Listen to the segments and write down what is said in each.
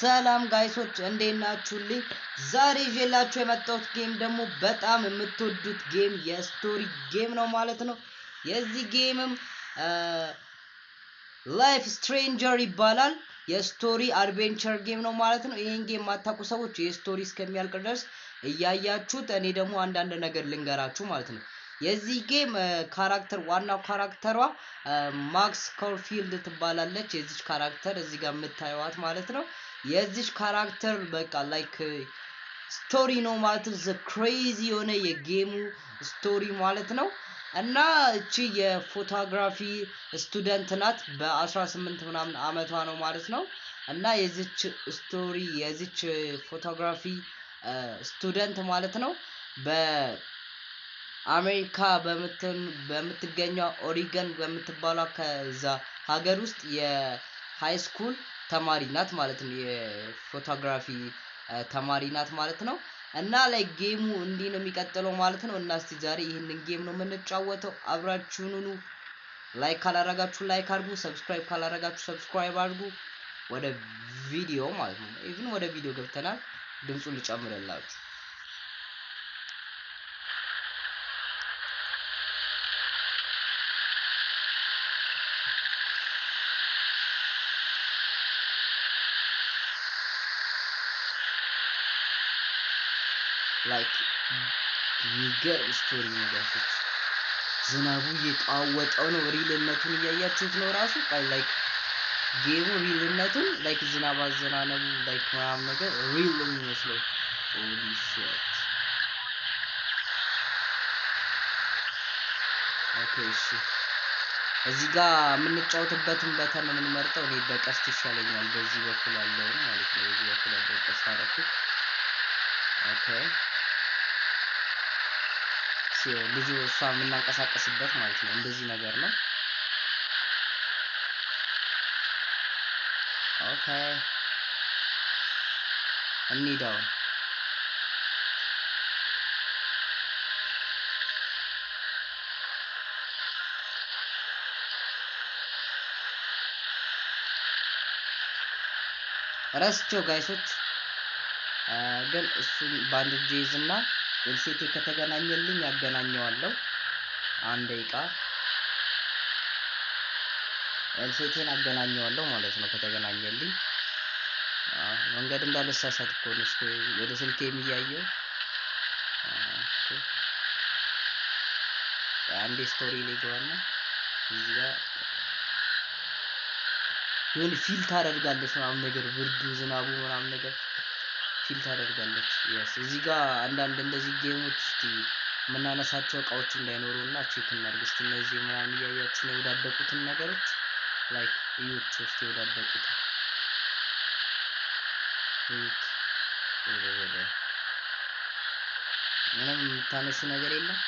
ሰላም ጋይሶች እንዴት ናችሁልኝ? ዛሬ ይዤላችሁ የመጣሁት ጌም ደግሞ በጣም የምትወዱት ጌም የስቶሪ ጌም ነው ማለት ነው። የዚህ ጌምም ላይፍ ስትሬንጀር ይባላል። የስቶሪ አድቬንቸር ጌም ነው ማለት ነው። ይህን ጌም የማታውቁ ሰዎች የስቶሪ እስከሚያልቅ ድረስ እያያችሁት፣ እኔ ደግሞ አንዳንድ ነገር ልንገራችሁ ማለት ነው። የዚህ ጌም ካራክተር ዋናው ካራክተሯ ማክስ ኮርፊልድ ትባላለች። የዚች ካራክተር እዚህ ጋር የምታየዋት ማለት ነው። የዚች ካራክተር በቃ ላይክ ስቶሪ ነው ማለት ነው። ክሬዚ የሆነ የጌሙ ስቶሪ ማለት ነው። እና እቺ የፎቶግራፊ ስቱደንት ናት። በ18 ምናምን አመቷ ነው ማለት ነው። እና የዚች ስቶሪ የዚች ፎቶግራፊ ስቱደንት ማለት ነው በ አሜሪካ በምትገኘው ኦሪገን በምትባለው ከዛ ሀገር ውስጥ የሃይስኩል ተማሪ ናት ማለት ነው። የፎቶግራፊ ተማሪ ናት ማለት ነው። እና ላይ ጌሙ እንዲህ ነው የሚቀጥለው ማለት ነው። እና እስቲ ዛሬ ይህንን ጌም ነው የምንጫወተው። አብራችሁኑኑ ላይክ ካላረጋችሁ ላይክ አድርጉ፣ ሰብስክራይብ ካላረጋችሁ ሰብስክራይብ አድርጉ። ወደ ቪዲዮ ማለት ነው። ኢቭን ወደ ቪዲዮ ገብተናል። ድምፁን ልጨምርላችሁ። ላይክ የሚገርም ስቶሪ ነው ጋሾች። ዝናቡ እየቃወጠው ነው። ሪልነቱን እያያችሁት ነው። ራሱ ላይክ ጌሙ ሪልነቱን ላይክ ዝናብ አዘናነቡ ላይክ ምናምን ነገር ሪል ነው የሚመስለው። ሆሊ ሺት። ኦኬ እሺ። እዚህ ጋር የምንጫወትበትን በተን የምንመርጠው እኔ በቀስት ይሻለኛል። በዚህ በኩል ያለውን ማለት ነው። በዚህ በኩል አለው ቀስት አረኩት። ኦኬ ብዙ እሷ የምናንቀሳቀስበት ማለት ነው። እንደዚህ ነገር ነው። ኦኬ እንሂዳው። ረስቸው ጋይሶች ግን እሱን በአንድ እጄ ይዝና ዌብሳይቴ ከተገናኘልኝ ያገናኘዋለሁ አንድ ደቂቃ ዌብሳይቴን አገናኘዋለሁ ማለት ነው ከተገናኘልኝ መንገድ እንዳልሳሳት እኮ ነው እስኪ ወደ ስልኬ የሚያየው አንዴ ስቶሪ ላይ ገባና እዚህ ጋር የሆነ ፊል ታደርጋለች ምናምን ነገር ብርዱ ዝናቡ ምናምን ነገር ፊል ታደርጋለች። የስ እዚህ ጋር አንዳንድ እንደዚህ ጌሞች እስቲ የምናነሳቸው እቃዎች እንዳይኖሩ እና ቼክ እናድርግ እስቲ። እነዚህ ምናምን እያያችን የወዳደቁትን ነገሮች ላይክ እዩት እስቲ የወዳደቁት እዩት። ምንም የምታነሱ ነገር የለም።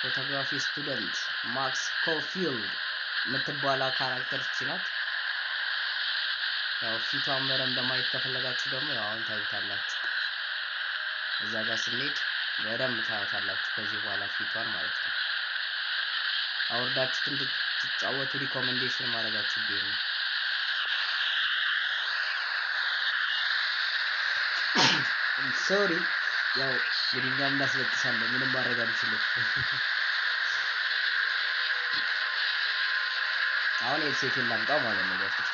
ፎቶግራፊ ስቱደንት ማክስ ኮፊልድ የምትባላ ካራክተር ናት። ያው ፊቷን መረም ማየት ከፈለጋችሁ ደግሞ ያው አሁን ታዩታላችሁ። እዛ ጋር ስንሄድ በደንብ ታዩታላችሁ ከዚህ በኋላ ፊቷን ማለት ነው። አውርዳችሁት እንድትጫወቱ ሪኮመንዴሽን ማድረጋችሁ ጌም ነው። ሶሪ ያው እንግዲህ እኛም እናስለቅሳለን፣ ምንም ማድረግ አንችልም። አሁን ኤልሴት ላምጣው ማለት ነው በፊት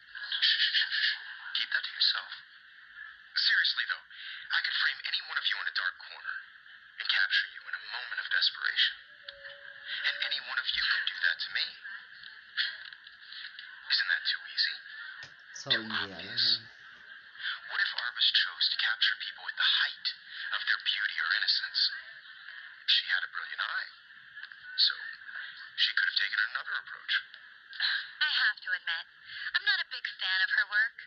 so they yeah. Obvious. What if Arvis chose to capture people at the height of their beauty or innocence? She had a brilliant eye, so she could have taken another approach. I have to admit, I'm not a big fan of her work.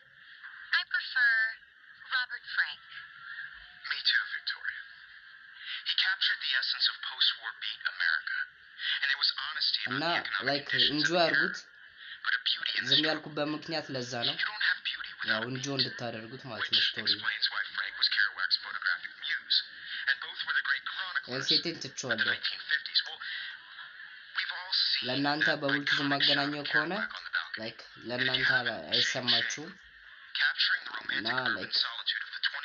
I prefer Robert Frank. Me too, Victoria. He captured the essence of post-war beat America, and it was honesty about I'm not the economic like conditions of the ዝም ያልኩበት ምክንያት ለዛ ነው። ያው እንጆ እንድታደርጉት ማለት ነው ስቶሪ ሴቴን ትችዋለሁ። ለእናንተ በብሉቱዝ የማገናኘው ከሆነ ላይክ ለእናንተ አይሰማችሁም እና ላይክ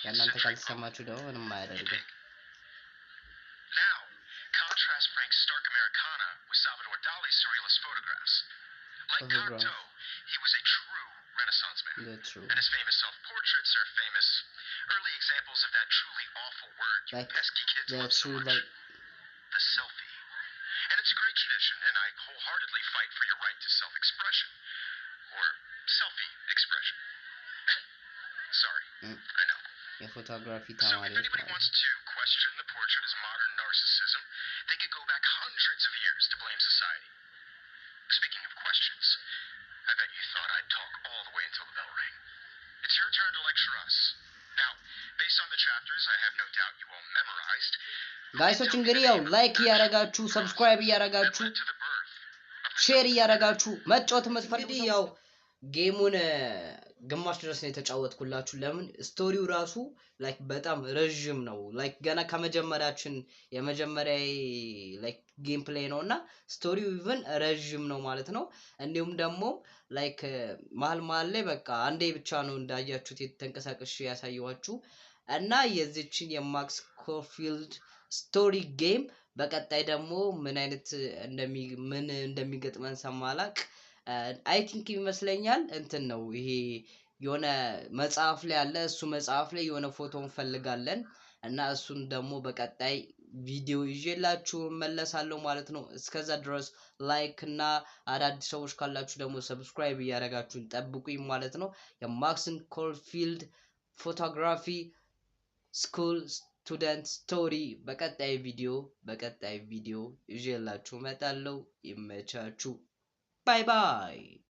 ለእናንተ ካልተሰማችሁ ደግሞ ምንም አያደርግም። Like Cocteau, he was a true Renaissance man. And his famous self-portraits are famous early examples of that truly awful word you like, pesky kids yeah, love so much. Like... The selfie. And it's a great tradition, and I wholeheartedly fight for your right to self-expression. Or selfie expression. Sorry, mm. I know. Yeah, photography so if anybody wants to ጋይሶች እንግዲህ ያው ላይክ እያረጋችሁ ሰብስክራይብ እያረጋችሁ ሼር እያረጋችሁ መጫወት የምትፈልጉ ያው ጌሙን ግማሽ ድረስ ነው የተጫወትኩላችሁ። ለምን ስቶሪው ራሱ ላይክ በጣም ረዥም ነው። ላይክ ገና ከመጀመሪያችን የመጀመሪያ ላይክ ጌም ፕሌይ ነው እና ስቶሪው ኢቭን ረዥም ነው ማለት ነው። እንዲሁም ደግሞ ላይክ መሀል መሀል ላይ በቃ አንዴ ብቻ ነው እንዳያችሁት የተንቀሳቀሽ ያሳየኋችሁ። እና የዚችን የማክስ ኮፊልድ ስቶሪ ጌም በቀጣይ ደግሞ ምን አይነት ምን እንደሚገጥመን ሰማላቅ አይ ቲንክ ይመስለኛል እንትን ነው ይሄ የሆነ መጽሐፍ ላይ አለ እሱ መጽሐፍ ላይ የሆነ ፎቶ እንፈልጋለን እና እሱን ደግሞ በቀጣይ ቪዲዮ ይዤላችሁ መለሳለሁ ማለት ነው እስከዛ ድረስ ላይክ እና አዳዲስ ሰዎች ካላችሁ ደግሞ ሰብስክራይብ እያደረጋችሁን ጠብቁኝ ማለት ነው የማክስን ኮልፊልድ ፎቶግራፊ ስኩል ስቱደንት ስቶሪ በቀጣይ ቪዲዮ በቀጣይ ቪዲዮ ይዤላችሁ እመጣለሁ። ይመቻችሁ። ባይ ባይ።